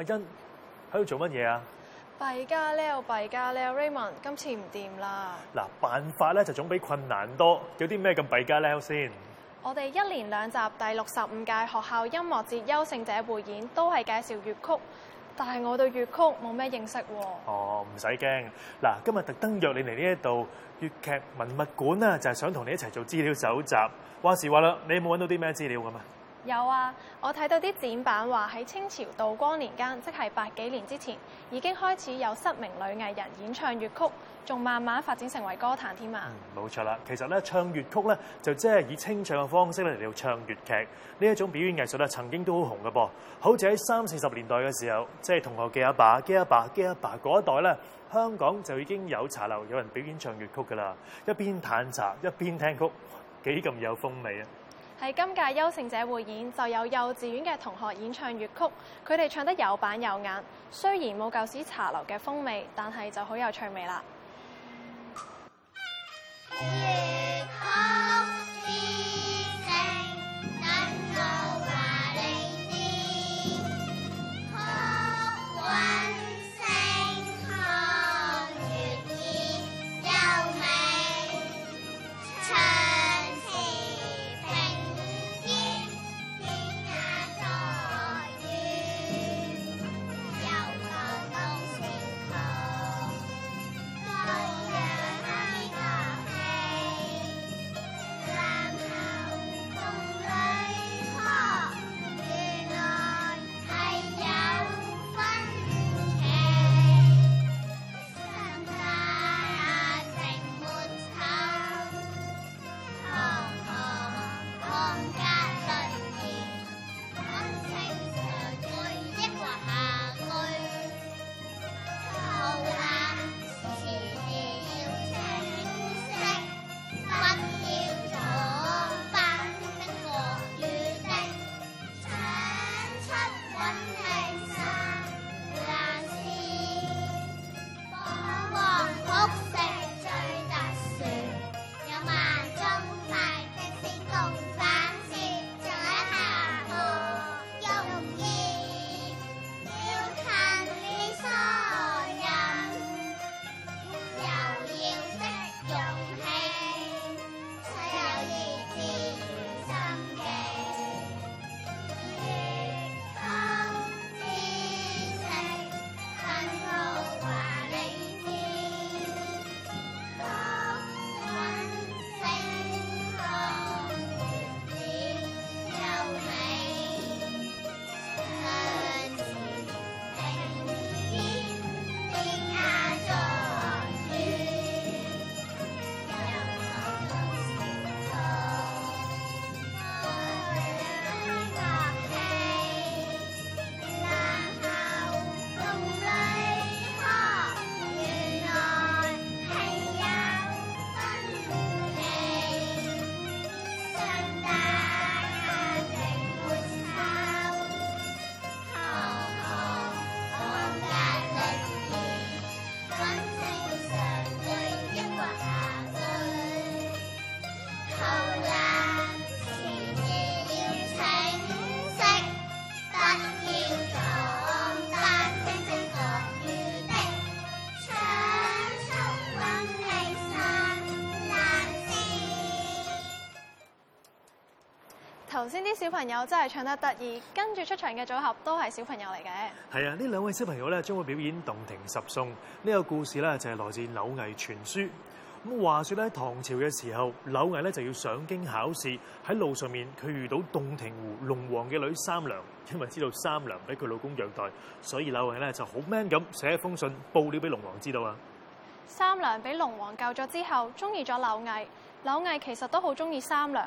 阿、啊、欣喺度做乜嘢啊？弊家叻啊，弊家叻啊！Raymond，今次唔掂啦。嗱，辦法咧就總比困難多。有啲咩咁弊家叻先？我哋一連兩集第六十五屆學校音樂節優勝者匯演都係介紹粵曲，但係我對粵曲冇咩認識喎、啊。哦，唔使驚。嗱，今日特登約你嚟呢一度粵劇文物館啊，就係想同你一齊做資料搜集。話時話啦，你有冇揾到啲咩資料咁啊？有啊，我睇到啲展板話喺清朝道光年間，即係百幾年之前，已經開始有失明女藝人演唱粵曲，仲慢慢發展成為歌壇添啊！嗯，冇錯啦，其實咧唱粵曲咧就即係以清唱嘅方式咧嚟到唱粵劇呢一種表演藝術咧，曾經都好紅㗎噃，好似喺三四十年代嘅時候，即係同學嘅阿爸、嘅阿爸、嘅阿爸嗰一代咧，香港就已經有茶樓有人表演唱粵曲噶啦，一邊嘆茶一邊聽曲，幾咁有風味啊！喺今屆優勝者匯演，就有幼稚園嘅同學演唱粵曲，佢哋唱得有板有眼。雖然冇舊時茶樓嘅風味，但係就好有趣味啦。先啲小朋友真係唱得得意，跟住出場嘅組合都係小朋友嚟嘅。係啊，呢兩位小朋友咧將會表演《洞庭十送》呢個故事咧，就係來自柳毅傳書，咁話說咧，唐朝嘅時候，柳毅咧就要上京考試，喺路上面佢遇到洞庭湖龍王嘅女三娘，因為知道三娘俾佢老公虐待，所以柳毅咧就好 man 咁寫一封信報料俾龍王知道啊。三娘俾龍王救咗之後中意咗柳毅，柳毅其實都好中意三娘。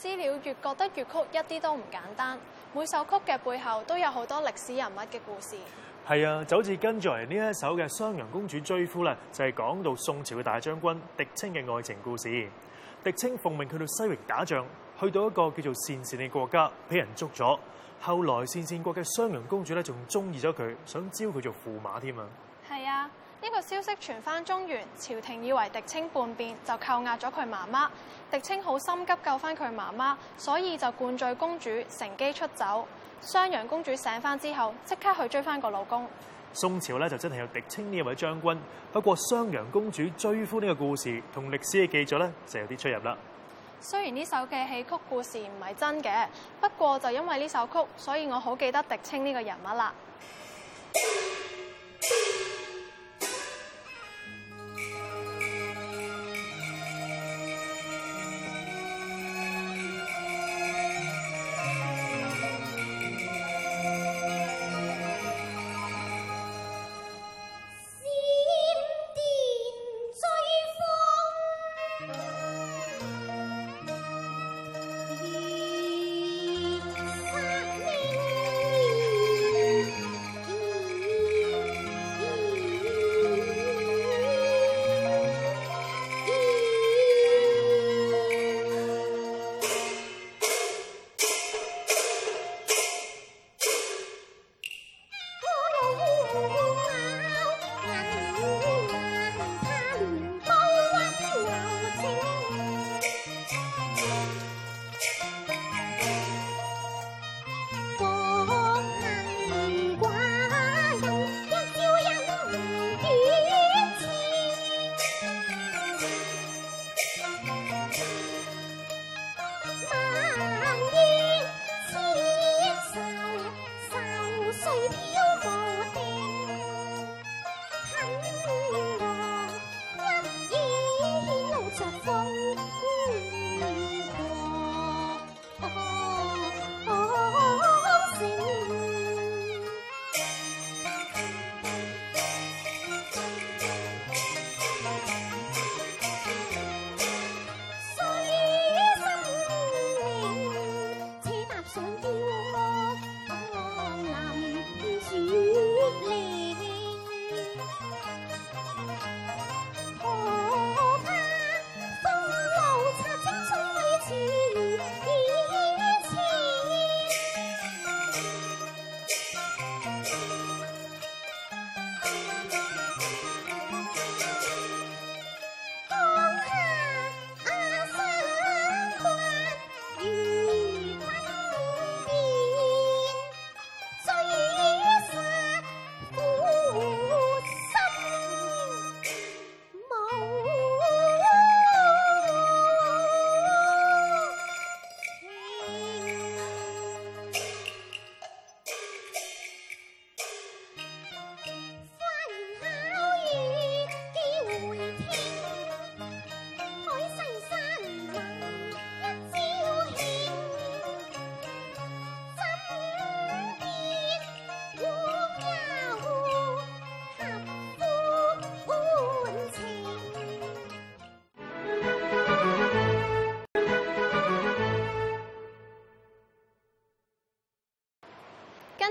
資料越覺得粵曲一啲都唔簡單，每首曲嘅背後都有好多歷史人物嘅故事。係啊，就好似跟住嚟，呢一首嘅《雙陽公主追夫》啦，就係、是、講到宋朝嘅大將軍狄青嘅愛情故事。狄青奉命去到西域打仗，去到一個叫做鄯善嘅國家，俾人捉咗。後來鄯善國嘅雙陽公主咧，仲中意咗佢，想招佢做駙馬添啊。呢個消息傳翻中原，朝廷以為狄青叛變，就扣押咗佢媽媽。狄青好心急救翻佢媽媽，所以就灌醉公主，乘機出走。雙陽公主醒翻之後，即刻去追翻個老公。宋朝呢，就真係有狄青呢一位將軍。不過雙陽公主追夫呢個故事同歷史嘅記載呢，就有啲出入啦。雖然呢首嘅戲曲故事唔係真嘅，不過就因為呢首曲，所以我好記得狄青呢個人物啦。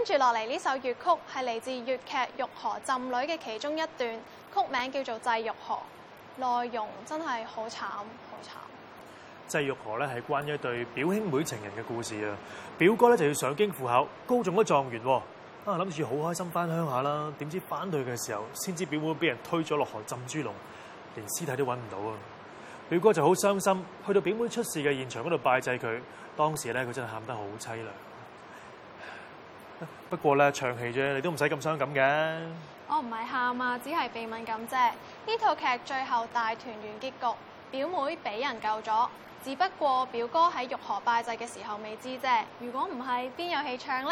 跟住落嚟呢首粵曲係嚟自粵劇《玉河浸女》嘅其中一段，曲名叫做《祭玉河》，內容真係好慘，好慘。祭玉河咧係關於一對表兄妹情人嘅故事啊！表哥咧就要上京赴考，高中咗狀元，啊諗住好開心翻鄉下啦，點知返去嘅時候，先知表妹俾人推咗落河浸豬籠，連屍體都揾唔到啊！表哥就好傷心，去到表妹出事嘅現場嗰度拜祭佢，當時咧佢真係喊得好淒涼。不過咧，唱戲啫，你都唔使咁傷感嘅啊。我唔係喊啊，只係鼻敏感啫。呢套劇最後大團圓結局，表妹俾人救咗，只不過表哥喺玉河拜祭嘅時候未知啫。如果唔係，邊有戲唱呢？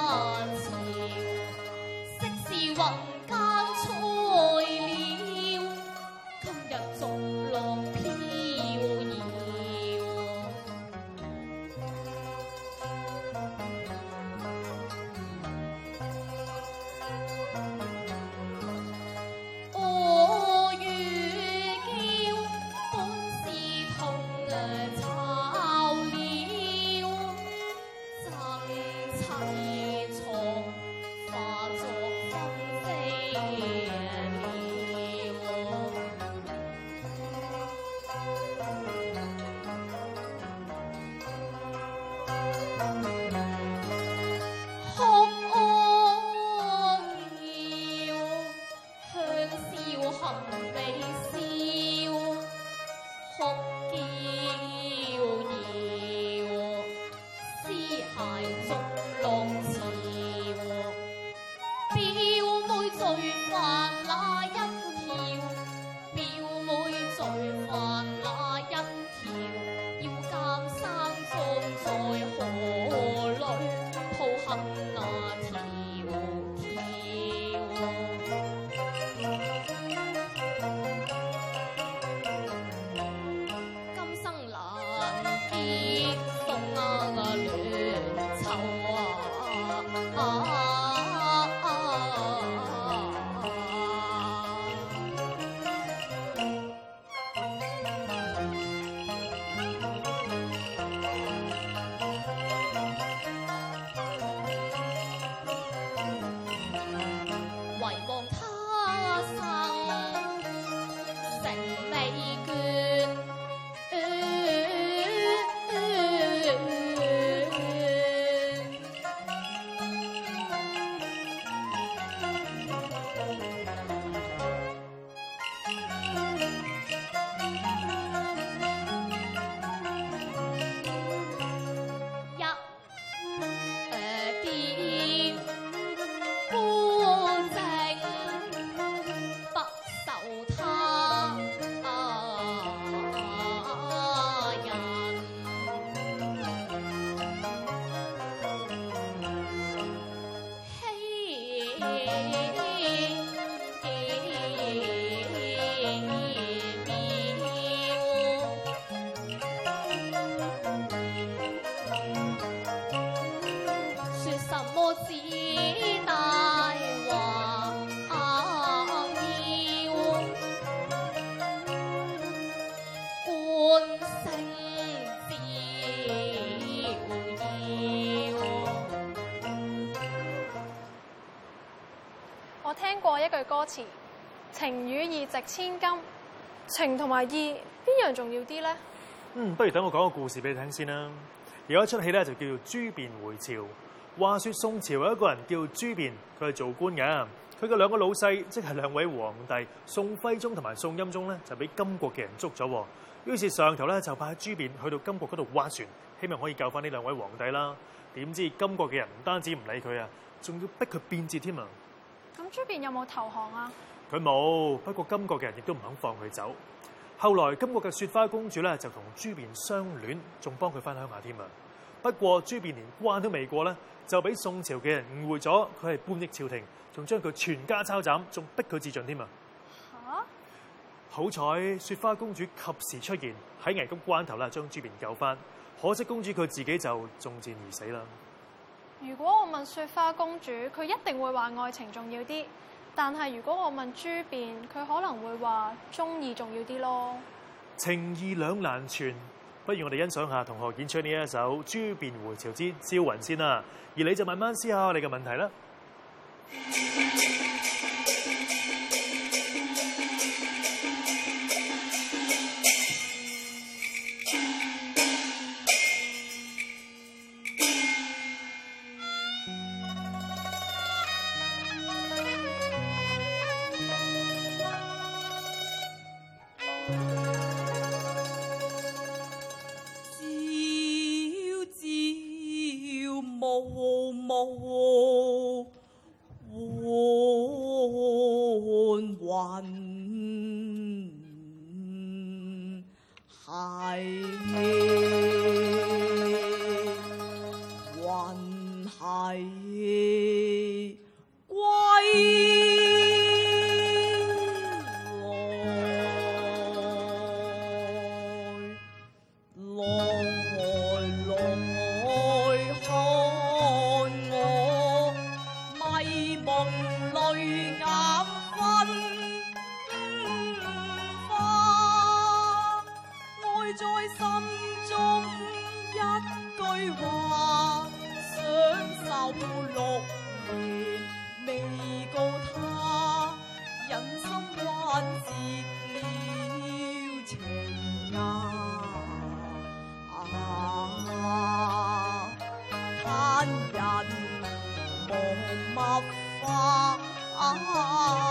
情與義值千金，情同埋義邊樣重要啲咧？嗯，不如等我講個故事俾你聽先啦。有一出戲咧就叫做《朱弁回朝》。話說宋朝有一個人叫朱弁，佢係做官嘅。佢嘅兩個老細即係兩位皇帝宋徽宗同埋宋欽宗咧，就俾金國嘅人捉咗。於是上頭咧就派喺朱弁去到金國嗰度挖船，希望可以救翻呢兩位皇帝啦。點知金國嘅人唔單止唔理佢啊，仲要逼佢變節添啊！咁朱弁有冇投降啊？佢冇，不過金國嘅人亦都唔肯放佢走。後來金國嘅雪花公主咧就同朱弁相戀，仲幫佢翻鄉下添啊。不過朱弁連關都未過咧，就俾宋朝嘅人誤會咗佢係叛逆朝廷，仲將佢全家抄斬，仲逼佢自盡添啊。吓！好彩雪花公主及時出現喺危急關頭啦，將朱弁救翻。可惜公主佢自己就中箭而死啦。如果我問雪花公主，佢一定會話愛情重要啲；但係如果我問朱弁，佢可能會話中意重要啲咯。情義兩難全，不如我哋欣賞下同學演唱呢一首《朱弁回朝之招魂》云先啦。而你就慢慢思考下你嘅問題啦。 在心中一句話，相守六年未告他，人。心還絕了情啊！歎、啊、人無脈脈。啊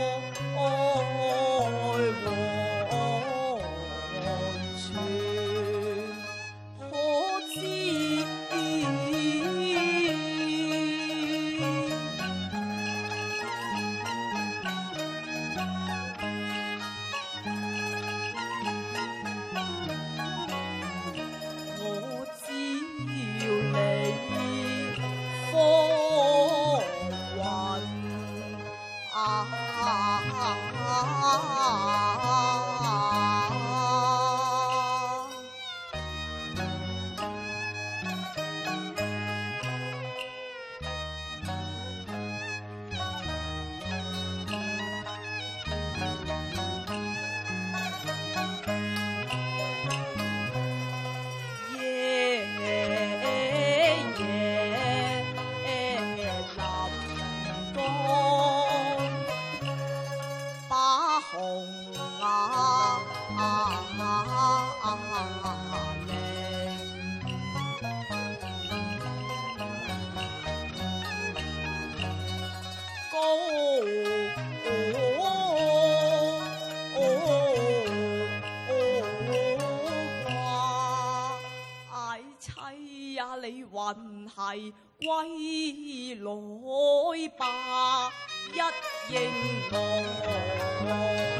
魂兮歸來吧，一應無。